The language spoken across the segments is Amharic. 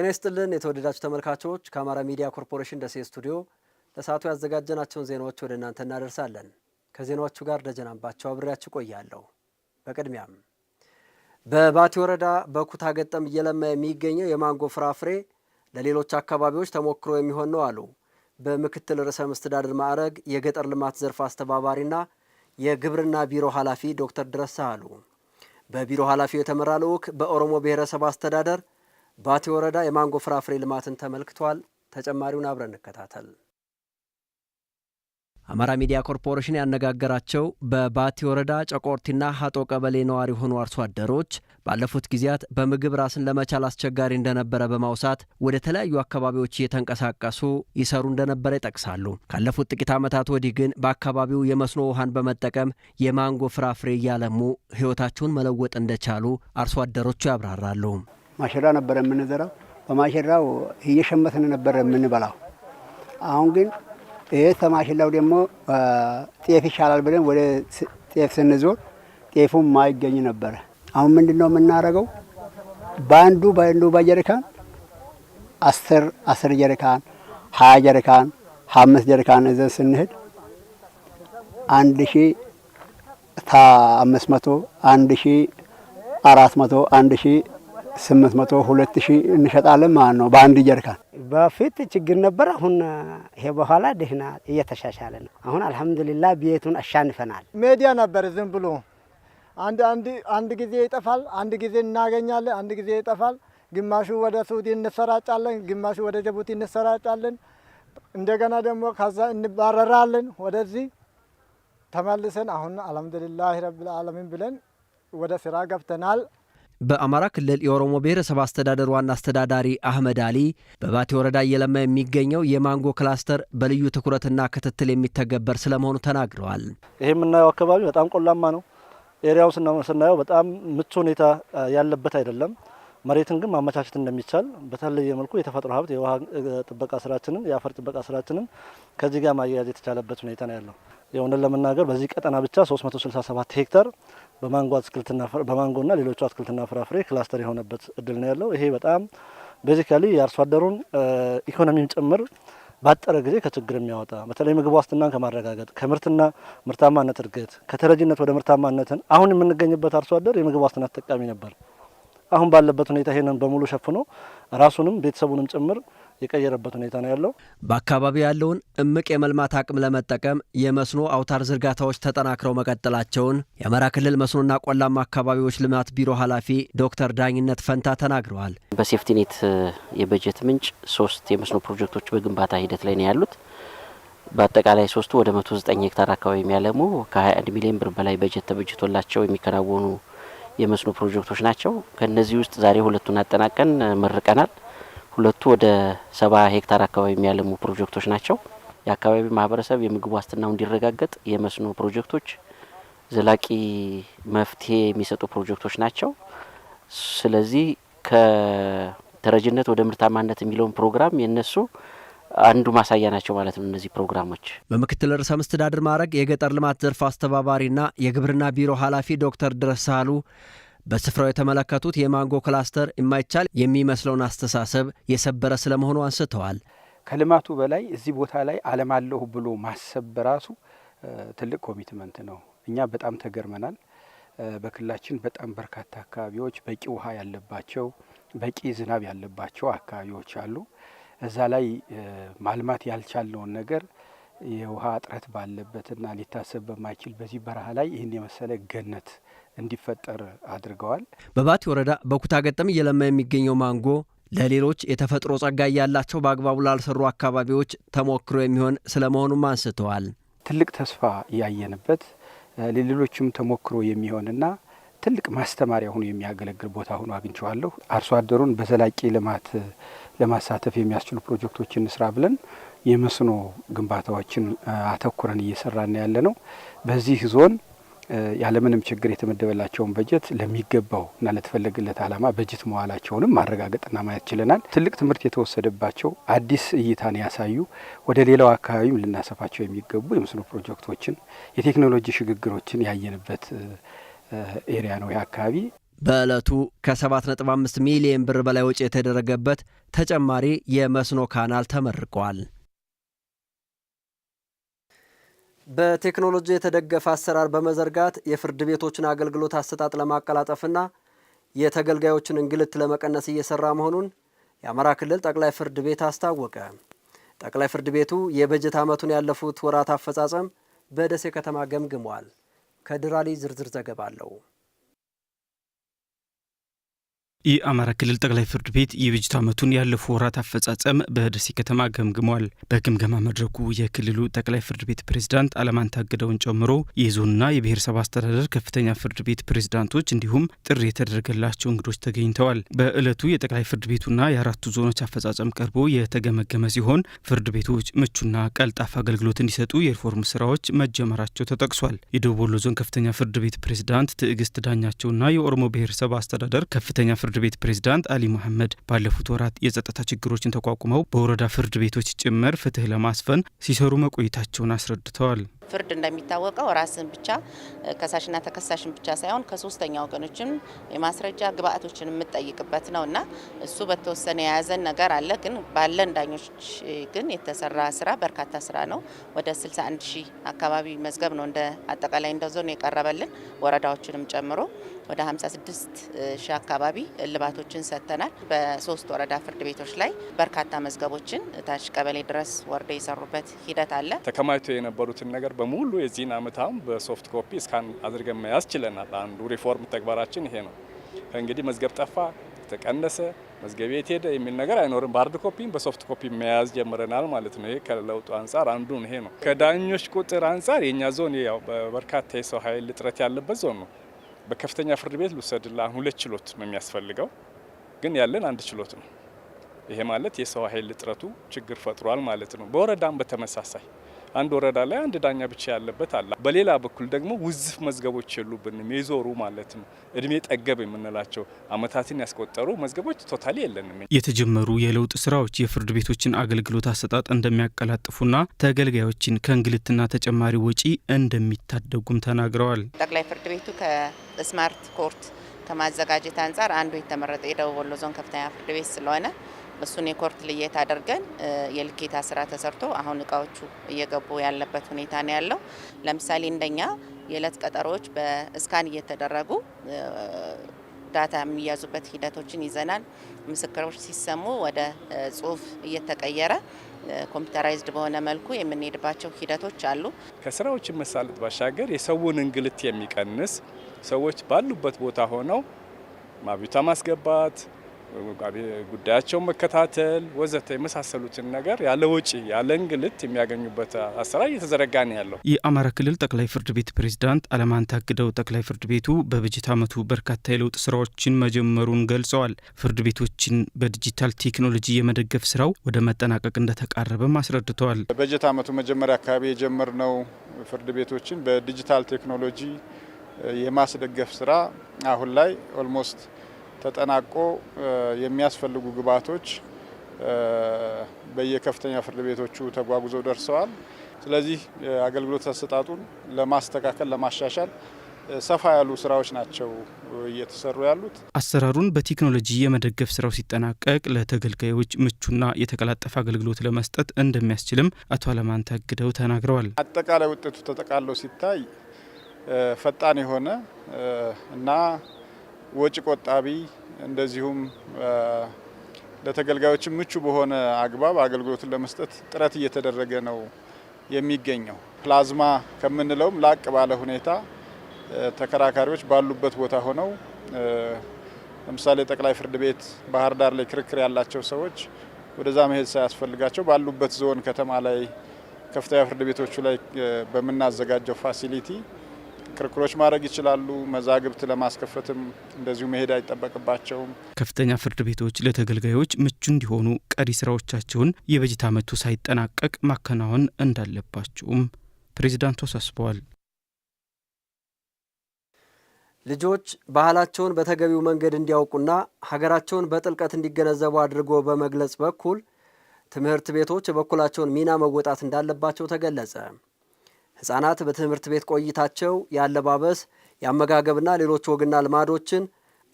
ጤና ይስጥልን የተወደዳችሁ ተመልካቾች፣ ከአማራ ሚዲያ ኮርፖሬሽን ደሴ ስቱዲዮ ለሰዓቱ ያዘጋጀናቸውን ዜናዎች ወደ እናንተ እናደርሳለን። ከዜናዎቹ ጋር ደጀናባቸው አብሬያችሁ ቆያለሁ። በቅድሚያም በባቲ ወረዳ በኩታ ገጠም እየለማ የሚገኘው የማንጎ ፍራፍሬ ለሌሎች አካባቢዎች ተሞክሮ የሚሆን ነው አሉ በምክትል ርዕሰ መስተዳድር ማዕረግ የገጠር ልማት ዘርፍ አስተባባሪና የግብርና ቢሮ ኃላፊ ዶክተር ድረሳ አሉ። በቢሮ ኃላፊው የተመራ ልዑክ በኦሮሞ ብሔረሰብ አስተዳደር ባቲ ወረዳ የማንጎ ፍራፍሬ ልማትን ተመልክቷል። ተጨማሪውን አብረን እንከታተል። አማራ ሚዲያ ኮርፖሬሽን ያነጋገራቸው በባቲ ወረዳ ጨቆርቲና ሀጦ ቀበሌ ነዋሪ የሆኑ አርሶ አደሮች ባለፉት ጊዜያት በምግብ ራስን ለመቻል አስቸጋሪ እንደነበረ በማውሳት ወደ ተለያዩ አካባቢዎች እየተንቀሳቀሱ ይሰሩ እንደነበረ ይጠቅሳሉ። ካለፉት ጥቂት ዓመታት ወዲህ ግን በአካባቢው የመስኖ ውሃን በመጠቀም የማንጎ ፍራፍሬ እያለሙ ሕይወታቸውን መለወጥ እንደቻሉ አርሶ አደሮቹ ያብራራሉ። ማሸራ ነበረ የምንዘራው። በማሸራው እየሸመትን ነበረ የምንበላው። አሁን ግን ይህ ተማሽላው ደግሞ ጤፍ ይሻላል ብለን ወደ ጤፍ ስንዞር ጤፉም ማይገኝ ነበረ። አሁን ምንድን ነው የምናደርገው? በአንዱ በአንዱ በጀሪካን አስር አስር ጀሪካን፣ ሀያ ጀሪካን፣ ሀያ አምስት ጀሪካን እዘን ስንሄድ አንድ ሺ ታ አምስት መቶ አንድ ሺ አራት መቶ አንድ ሺ ስምንት መቶ ሁለት ሺ እንሸጣለን ማለት ነው በአንድ ጀሪካን። በፊት ችግር ነበር። አሁን ይሄ በኋላ ደህና እየተሻሻለ ነው። አሁን አልሐምዱሊላ ቤቱን አሻንፈናል። ሜዲያ ነበር ዝም ብሎ አንድ አንድ አንድ ጊዜ ይጠፋል፣ አንድ ጊዜ እናገኛለን፣ አንድ ጊዜ ይጠፋል። ግማሹ ወደ ሳውዲ እንሰራጫለን፣ ግማሹ ወደ ጅቡቲ እንሰራጫለን። እንደገና ደግሞ ከዛ እንባረራለን ወደዚህ ተመልሰን አሁን አልሐምዱሊላህ ረብል ዓለሚን ብለን ወደ ስራ ገብተናል። በአማራ ክልል የኦሮሞ ብሔረሰብ አስተዳደር ዋና አስተዳዳሪ አህመድ አሊ በባቲ ወረዳ እየለማ የሚገኘው የማንጎ ክላስተር በልዩ ትኩረትና ክትትል የሚተገበር ስለመሆኑ ተናግረዋል። ይህ የምናየው አካባቢ በጣም ቆላማ ነው። ኤሪያውን ስናየው በጣም ምቹ ሁኔታ ያለበት አይደለም። መሬትን ግን ማመቻቸት እንደሚቻል በተለየ መልኩ የተፈጥሮ ሀብት የውሃ ጥበቃ ስራችንን የአፈር ጥበቃ ስራችንን ከዚህ ጋር ማያያዝ የተቻለበት ሁኔታ ነው ያለው። የሆነን ለመናገር በዚህ ቀጠና ብቻ 367 ሄክታር በማንጎ አትክልትና በማንጎና ሌሎቹ አትክልትና ፍራፍሬ ክላስተር የሆነበት እድል ነው ያለው። ይሄ በጣም ቤዚካሊ የአርሶ አደሩን ኢኮኖሚን ጭምር ባጠረ ጊዜ ከችግር የሚያወጣ በተለይ ምግብ ዋስትናን ከማረጋገጥ ከምርትና ምርታማነት እድገት ከተረጂነት ወደ ምርታማነትን አሁን የምንገኝበት አርሶ አደር የምግብ ዋስትና ተጠቃሚ ነበር። አሁን ባለበት ሁኔታ ይሄንን በሙሉ ሸፍኖ ራሱንም ቤተሰቡንም ጭምር የቀየረበት ሁኔታ ነው ያለው። በአካባቢው ያለውን እምቅ የመልማት አቅም ለመጠቀም የመስኖ አውታር ዝርጋታዎች ተጠናክረው መቀጠላቸውን የአማራ ክልል መስኖና ቆላማ አካባቢዎች ልማት ቢሮ ኃላፊ ዶክተር ዳኝነት ፈንታ ተናግረዋል። በሴፍቲኔት የበጀት ምንጭ ሶስት የመስኖ ፕሮጀክቶች በግንባታ ሂደት ላይ ነው ያሉት። በአጠቃላይ ሶስቱ ወደ 109 ሄክታር አካባቢ የሚያለሙ ከ21 ሚሊዮን ብር በላይ በጀት ተበጅቶላቸው የሚከናወኑ የመስኖ ፕሮጀክቶች ናቸው። ከነዚህ ውስጥ ዛሬ ሁለቱን አጠናቀን መርቀናል። ሁለቱ ወደ ሰባ ሄክታር አካባቢ የሚያለሙ ፕሮጀክቶች ናቸው። የአካባቢ ማህበረሰብ የምግብ ዋስትናው እንዲረጋገጥ የመስኖ ፕሮጀክቶች ዘላቂ መፍትሄ የሚሰጡ ፕሮጀክቶች ናቸው። ስለዚህ ከተረጅነት ወደ ምርታማነት የሚለውን ፕሮግራም የነሱ አንዱ ማሳያ ናቸው ማለት ነው እነዚህ ፕሮግራሞች። በምክትል ርዕሰ መስተዳድር ማዕረግ የገጠር ልማት ዘርፍ አስተባባሪና የግብርና ቢሮ ኃላፊ ዶክተር ድረሳሉ በስፍራው የተመለከቱት የማንጎ ክላስተር የማይቻል የሚመስለውን አስተሳሰብ የሰበረ ስለመሆኑ አንስተዋል። ከልማቱ በላይ እዚህ ቦታ ላይ አለሁ ብሎ ማሰብ በራሱ ትልቅ ኮሚትመንት ነው። እኛ በጣም ተገርመናል። በክልላችን በጣም በርካታ አካባቢዎች በቂ ውሃ ያለባቸው፣ በቂ ዝናብ ያለባቸው አካባቢዎች አሉ። እዛ ላይ ማልማት ያልቻለውን ነገር የውሃ እጥረት ባለበትና ሊታሰብ በማይችል በዚህ በረሃ ላይ ይህን የመሰለ ገነት እንዲፈጠር አድርገዋል። በባቲ ወረዳ በኩታ ገጠም እየለማ የሚገኘው ማንጎ ለሌሎች የተፈጥሮ ጸጋ ያላቸው በአግባቡ ላልሰሩ አካባቢዎች ተሞክሮ የሚሆን ስለመሆኑም አንስተዋል። ትልቅ ተስፋ ያየንበት ለሌሎችም ተሞክሮ የሚሆንና ትልቅ ማስተማሪያ ሆኖ የሚያገለግል ቦታ ሆኖ አግኝቸዋለሁ። አርሶ አደሩን በዘላቂ ልማት ለማሳተፍ የሚያስችሉ ፕሮጀክቶችን እንስራ ብለን የመስኖ ግንባታዎችን አተኩረን እየሰራን ያለ ነው። በዚህ ዞን ያለምንም ችግር የተመደበላቸውን በጀት ለሚገባው እና ለተፈለገለት ዓላማ በጀት መዋላቸውንም ማረጋገጥና ማየት ችለናል። ትልቅ ትምህርት የተወሰደባቸው አዲስ እይታን ያሳዩ ወደ ሌላው አካባቢም ልናሰፋቸው የሚገቡ የመስኖ ፕሮጀክቶችን የቴክኖሎጂ ሽግግሮችን ያየንበት ኤሪያ ነው ይህ አካባቢ። በዕለቱ ከ7.5 ሚሊዮን ብር በላይ ወጪ የተደረገበት ተጨማሪ የመስኖ ካናል ተመርቋል። በቴክኖሎጂ የተደገፈ አሰራር በመዘርጋት የፍርድ ቤቶችን አገልግሎት አሰጣጥ ለማቀላጠፍና የተገልጋዮችን እንግልት ለመቀነስ እየሰራ መሆኑን የአማራ ክልል ጠቅላይ ፍርድ ቤት አስታወቀ። ጠቅላይ ፍርድ ቤቱ የበጀት ዓመቱን ያለፉት ወራት አፈጻጸም በደሴ ከተማ ገምግሟል። ከድራሌ ዝርዝር ዘገባ አለው። የአማራ ክልል ጠቅላይ ፍርድ ቤት የበጀት ዓመቱን ያለፉ ወራት አፈጻጸም በደሴ ከተማ ገምግሟል። በግምገማ መድረኩ የክልሉ ጠቅላይ ፍርድ ቤት ፕሬዝዳንት አለማን አግደውን ጨምሮ የዞንና የብሔረሰብ አስተዳደር ከፍተኛ ፍርድ ቤት ፕሬዝዳንቶች እንዲሁም ጥሪ የተደረገላቸው እንግዶች ተገኝተዋል። በዕለቱ የጠቅላይ ፍርድ ቤቱና የአራቱ ዞኖች አፈጻጸም ቀርቦ የተገመገመ ሲሆን ፍርድ ቤቶች ምቹና ቀልጣፍ አገልግሎት እንዲሰጡ የሪፎርም ስራዎች መጀመራቸው ተጠቅሷል። የደቡብ ወሎ ዞን ከፍተኛ ፍርድ ቤት ፕሬዝዳንት ትዕግስት ዳኛቸውና የኦሮሞ ብሔረሰብ አስተዳደር ከፍተኛ ፍርድ ቤት ፕሬዝዳንት አሊ መሐመድ ባለፉት ወራት የጸጥታ ችግሮችን ተቋቁመው በወረዳ ፍርድ ቤቶች ጭምር ፍትህ ለማስፈን ሲሰሩ መቆየታቸውን አስረድተዋል። ፍርድ እንደሚታወቀው ራስን ብቻ ከሳሽና ተከሳሽን ብቻ ሳይሆን ከሶስተኛ ወገኖችም የማስረጃ ግብአቶችን የምጠይቅበት ነው እና እሱ በተወሰነ የያዘን ነገር አለ። ግን ባለን ዳኞች ግን የተሰራ ስራ በርካታ ስራ ነው። ወደ 61 ሺህ አካባቢ መዝገብ ነው እንደ አጠቃላይ እንደ ዞን የቀረበልን ወረዳዎችንም ጨምሮ ወደ 56 ሺህ አካባቢ እልባቶችን ሰጥተናል። በሶስት ወረዳ ፍርድ ቤቶች ላይ በርካታ መዝገቦችን ታች ቀበሌ ድረስ ወርደ የሰሩበት ሂደት አለ። ተከማችቶ የነበሩትን ነገር በሙሉ የዚህን አመት አሁን በሶፍት ኮፒ እስካን አድርገን መያዝ ችለናል። አንዱ ሪፎርም ተግባራችን ይሄ ነው። ከእንግዲህ መዝገብ ጠፋ፣ ተቀነሰ፣ መዝገብ የት ሄደ የሚል ነገር አይኖርም። በሀርድ ኮፒም በሶፍት ኮፒ መያዝ ጀምረናል ማለት ነው። ይሄ ከለውጡ አንጻር አንዱ ይሄ ነው። ከዳኞች ቁጥር አንጻር የእኛ ዞን በርካታ የሰው ኃይል እጥረት ያለበት ዞን ነው። በከፍተኛ ፍርድ ቤት ልውሰድላ አሁን ሁለት ችሎት ነው የሚያስፈልገው፣ ግን ያለን አንድ ችሎት ነው። ይሄ ማለት የሰው ኃይል እጥረቱ ችግር ፈጥሯል ማለት ነው። በወረዳም በተመሳሳይ አንድ ወረዳ ላይ አንድ ዳኛ ብቻ ያለበት አለ። በሌላ በኩል ደግሞ ውዝፍ መዝገቦች የሉብንም፣ የዞሩ ማለትም እድሜ ጠገብ የምንላቸው አመታትን ያስቆጠሩ መዝገቦች ቶታሊ የለንም። የተጀመሩ የለውጥ ስራዎች የፍርድ ቤቶችን አገልግሎት አሰጣጥ እንደሚያቀላጥፉና ተገልጋዮችን ከእንግልትና ተጨማሪ ወጪ እንደሚታደጉም ተናግረዋል። ጠቅላይ ፍርድ ቤቱ ከስማርት ኮርት ከማዘጋጀት አንጻር አንዱ የተመረጠ የደቡብ ወሎ ዞን ከፍተኛ ፍርድ ቤት ስለሆነ እሱን የኮርት ልየት አድርገን የልኬታ ስራ ተሰርቶ አሁን እቃዎቹ እየገቡ ያለበት ሁኔታ ነው ያለው። ለምሳሌ እንደኛ የእለት ቀጠሮዎች በእስካን እየተደረጉ ዳታ የሚያዙበት ሂደቶችን ይዘናል። ምስክሮች ሲሰሙ ወደ ጽሁፍ እየተቀየረ ኮምፒውተራይዝድ በሆነ መልኩ የምንሄድባቸው ሂደቶች አሉ። ከስራዎች መሳለጥ ባሻገር የሰውን እንግልት የሚቀንስ ሰዎች ባሉበት ቦታ ሆነው ማብዩታ ማስገባት ጉዳያቸውን መከታተል ወዘተ የመሳሰሉትን ነገር ያለ ወጪ ያለ እንግልት የሚያገኙበት አሰራር እየተዘረጋ ነው ያለው። የአማራ ክልል ጠቅላይ ፍርድ ቤት ፕሬዝዳንት አለማንታ አግደው ጠቅላይ ፍርድ ቤቱ በበጀት ዓመቱ በርካታ የለውጥ ስራዎችን መጀመሩን ገልጸዋል። ፍርድ ቤቶችን በዲጂታል ቴክኖሎጂ የመደገፍ ስራው ወደ መጠናቀቅ እንደተቃረበም አስረድተዋል። በበጀት ዓመቱ መጀመሪያ አካባቢ የጀመርነው ፍርድ ቤቶችን በዲጂታል ቴክኖሎጂ የማስደገፍ ስራ አሁን ላይ ኦልሞስት ተጠናቆ የሚያስፈልጉ ግብዓቶች በየከፍተኛ ፍርድ ቤቶቹ ተጓጉዘው ደርሰዋል። ስለዚህ አገልግሎት አሰጣጡን ለማስተካከል ለማሻሻል ሰፋ ያሉ ስራዎች ናቸው እየተሰሩ ያሉት። አሰራሩን በቴክኖሎጂ የመደገፍ ስራው ሲጠናቀቅ ለተገልጋዮች ምቹና የተቀላጠፈ አገልግሎት ለመስጠት እንደሚያስችልም አቶ አለማን ታግደው ተናግረዋል። አጠቃላይ ውጤቱ ተጠቃሎ ሲታይ ፈጣን የሆነ እና ወጪ ቆጣቢ እንደዚሁም ለተገልጋዮችም ምቹ በሆነ አግባብ አገልግሎትን ለመስጠት ጥረት እየተደረገ ነው የሚገኘው። ፕላዝማ ከምንለውም ላቅ ባለ ሁኔታ ተከራካሪዎች ባሉበት ቦታ ሆነው ለምሳሌ ጠቅላይ ፍርድ ቤት ባህር ዳር ላይ ክርክር ያላቸው ሰዎች ወደዛ መሄድ ሳያስፈልጋቸው ባሉበት ዞን ከተማ ላይ ከፍተኛ ፍርድ ቤቶቹ ላይ በምናዘጋጀው ፋሲሊቲ ክርክሮች ማድረግ ይችላሉ። መዛግብት ለማስከፈትም እንደዚሁ መሄድ አይጠበቅባቸውም። ከፍተኛ ፍርድ ቤቶች ለተገልጋዮች ምቹ እንዲሆኑ ቀሪ ስራዎቻቸውን የበጀት ዓመቱ ሳይጠናቀቅ ማከናወን እንዳለባቸውም ፕሬዚዳንቱ አሳስበዋል። ልጆች ባህላቸውን በተገቢው መንገድ እንዲያውቁና ሀገራቸውን በጥልቀት እንዲገነዘቡ አድርጎ በመግለጽ በኩል ትምህርት ቤቶች የበኩላቸውን ሚና መወጣት እንዳለባቸው ተገለጸ። ሕፃናት በትምህርት ቤት ቆይታቸው የአለባበስ፣ የአመጋገብና ሌሎች ወግና ልማዶችን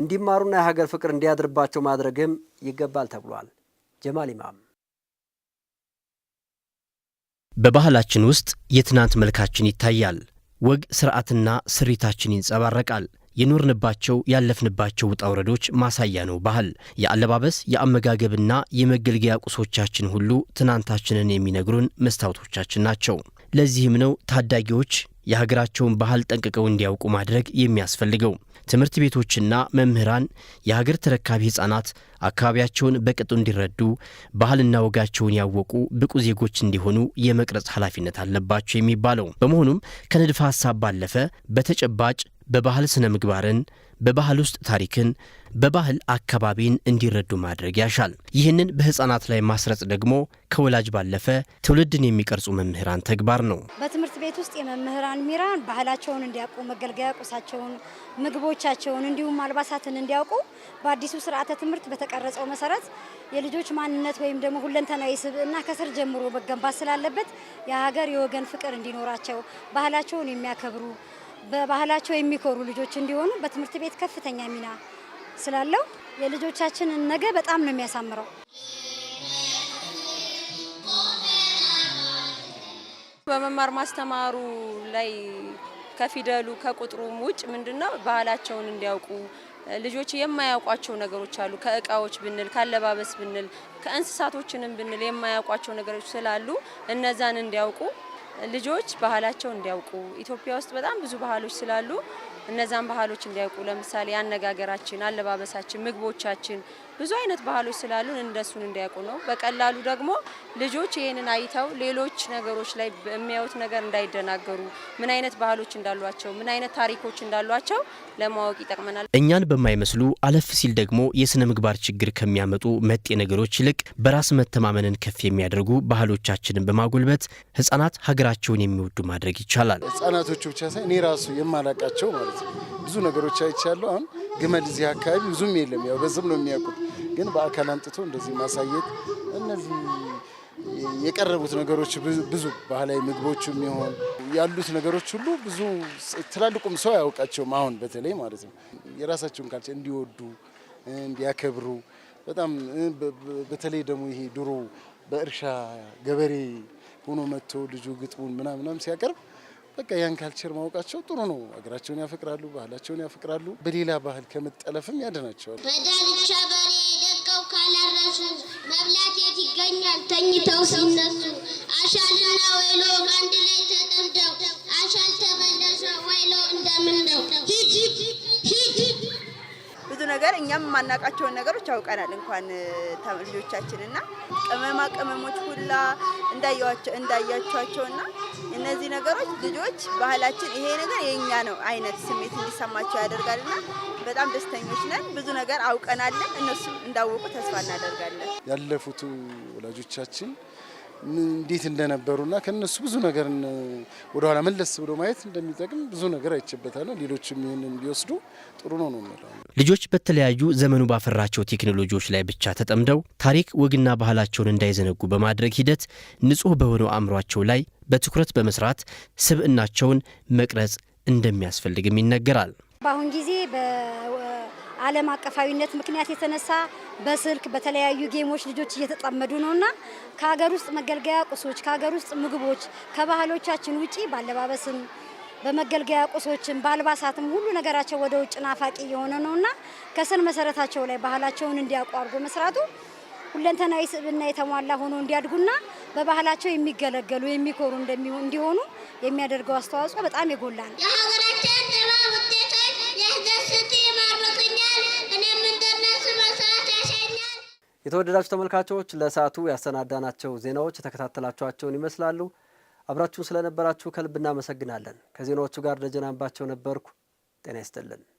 እንዲማሩና የሀገር ፍቅር እንዲያድርባቸው ማድረግም ይገባል ተብሏል። ጀማል ኢማም በባህላችን ውስጥ የትናንት መልካችን ይታያል። ወግ ስርዓትና ስሪታችን ይንጸባረቃል። የኖርንባቸው ያለፍንባቸው ውጣ ውረዶች ማሳያ ነው። ባህል የአለባበስ የአመጋገብና የመገልገያ ቁሶቻችን ሁሉ ትናንታችንን የሚነግሩን መስታወቶቻችን ናቸው። ለዚህም ነው ታዳጊዎች የሀገራቸውን ባህል ጠንቅቀው እንዲያውቁ ማድረግ የሚያስፈልገው። ትምህርት ቤቶችና መምህራን የሀገር ተረካቢ ሕፃናት አካባቢያቸውን በቅጡ እንዲረዱ፣ ባህልና ወጋቸውን ያወቁ ብቁ ዜጎች እንዲሆኑ የመቅረጽ ኃላፊነት አለባቸው የሚባለው በመሆኑም ከንድፈ ሀሳብ ባለፈ በተጨባጭ በባህል ስነ ምግባርን፣ በባህል ውስጥ ታሪክን፣ በባህል አካባቢን እንዲረዱ ማድረግ ያሻል። ይህንን በሕፃናት ላይ ማስረጽ ደግሞ ከወላጅ ባለፈ ትውልድን የሚቀርጹ መምህራን ተግባር ነው። በትምህርት ቤት ውስጥ የመምህራን ሚራን ባህላቸውን እንዲያውቁ፣ መገልገያ ቁሳቸውን፣ ምግቦቻቸውን እንዲሁም አልባሳትን እንዲያውቁ በአዲሱ ስርዓተ ትምህርት በተቀረጸው መሰረት የልጆች ማንነት ወይም ደግሞ ሁለንተናዊ ስብዕና ከስር ጀምሮ መገንባት ስላለበት የሀገር የወገን ፍቅር እንዲኖራቸው ባህላቸውን የሚያከብሩ በባህላቸው የሚኮሩ ልጆች እንዲሆኑ በትምህርት ቤት ከፍተኛ ሚና ስላለው የልጆቻችንን ነገ በጣም ነው የሚያሳምረው። በመማር ማስተማሩ ላይ ከፊደሉ ከቁጥሩም ውጭ ምንድነው ባህላቸውን እንዲያውቁ ልጆች የማያውቋቸው ነገሮች አሉ። ከእቃዎች ብንል ካለባበስ ብንል ከእንስሳቶችንም ብንል የማያውቋቸው ነገሮች ስላሉ እነዛን እንዲያውቁ ልጆች ባህላቸው እንዲያውቁ ኢትዮጵያ ውስጥ በጣም ብዙ ባህሎች ስላሉ እነዛን ባህሎች እንዲያውቁ ለምሳሌ አነጋገራችን፣ አለባበሳችን፣ ምግቦቻችን ብዙ አይነት ባህሎች ስላሉን እንደሱን እንዲያውቁ ነው። በቀላሉ ደግሞ ልጆች ይህንን አይተው ሌሎች ነገሮች ላይ የሚያዩት ነገር እንዳይደናገሩ፣ ምን አይነት ባህሎች እንዳሏቸው፣ ምን አይነት ታሪኮች እንዳሏቸው ለማወቅ ይጠቅመናል። እኛን በማይመስሉ አለፍ ሲል ደግሞ የስነ ምግባር ችግር ከሚያመጡ መጤ ነገሮች ይልቅ በራስ መተማመንን ከፍ የሚያደርጉ ባህሎቻችንን በማጎልበት ህጻናት ሀገራቸውን የሚወዱ ማድረግ ይቻላል። ህጻናቶቹ ብቻ ሳይ እኔ ራሱ የማላቃቸው ማለት ነው ብዙ ነገሮች አይቻለሁ አሁን ግመል እዚህ አካባቢ ብዙም የለም። ያው በዝም ነው የሚያውቁት፣ ግን በአካል አምጥቶ እንደዚህ ማሳየት እነዚህ የቀረቡት ነገሮች ብዙ ባህላዊ ምግቦች ይሆን ያሉት ነገሮች ሁሉ ብዙ ትላልቁም ሰው አያውቃቸውም። አሁን በተለይ ማለት ነው የራሳቸውን ካልቸ እንዲወዱ እንዲያከብሩ በጣም በተለይ ደግሞ ይሄ ድሮ በእርሻ ገበሬ ሆኖ መጥቶ ልጁ ግጥሙን ምናምናም ሲያቀርብ በቃ ያን ካልቸር ማወቃቸው ጥሩ ነው። ሀገራቸውን ያፈቅራሉ፣ ባህላቸውን ያፈቅራሉ። በሌላ ባህል ከመጠለፍም ያድናቸዋል። በዳርቻ በሬ ደቀው ካላረሱ መብላት የት ይገኛል? ተኝተው ሲነሱ አሻልና ወይሎ አንድ ላይ ተጠምደው ነገር እኛም የማናውቃቸውን ነገሮች አውቀናል። እንኳን ልጆቻችንና ቅመማ ቅመሞች ሁላ እንዳያቸዋቸውና እነዚህ ነገሮች ልጆች ባህላችን ይሄ ነገር የእኛ ነው አይነት ስሜት እንዲሰማቸው ያደርጋልና በጣም ደስተኞች ነን። ብዙ ነገር አውቀናለን። እነሱም እንዳወቁ ተስፋ እናደርጋለን። ያለፉት ወላጆቻችን እንዴት እንደነበሩና ከነሱ ብዙ ነገር ወደኋላ መለስ ብሎ ማየት እንደሚጠቅም ብዙ ነገር አይቼበታለሁ። ሌሎችም ይህንን ቢወስዱ ጥሩ ነው ነው የምለው። ልጆች በተለያዩ ዘመኑ ባፈራቸው ቴክኖሎጂዎች ላይ ብቻ ተጠምደው ታሪክ ወግና ባህላቸውን እንዳይዘነጉ በማድረግ ሂደት ንጹህ በሆነው አእምሯቸው ላይ በትኩረት በመስራት ስብዕናቸውን መቅረጽ እንደሚያስፈልግም ይነገራል። በአሁን ጊዜ አለም አቀፋዊነት ምክንያት የተነሳ በስልክ በተለያዩ ጌሞች ልጆች እየተጠመዱ ነውና ከሀገር ውስጥ መገልገያ ቁሶች፣ ከሀገር ውስጥ ምግቦች ከባህሎቻችን ውጪ ባለባበስም በመገልገያ ቁሶችን በአልባሳትም ሁሉ ነገራቸው ወደ ውጭ ናፋቂ የሆነ ነውና ከስር መሰረታቸው ላይ ባህላቸውን እንዲያውቁ አድርጎ መስራቱ ሁለንተናዊ ስብዕና የተሟላ ሆኖ እንዲያድጉና በባህላቸው የሚገለገሉ የሚኮሩ እንዲሆኑ የሚያደርገው አስተዋጽኦ በጣም የጎላ ነው። የተወደዳችሁ ተመልካቾች ለሰዓቱ ያሰናዳናቸው ዜናዎች የተከታተላችኋቸውን ይመስላሉ። አብራችሁን ስለነበራችሁ ከልብ እናመሰግናለን። ከዜናዎቹ ጋር ደጀናንባቸው ነበርኩ። ጤና ይስጥልን።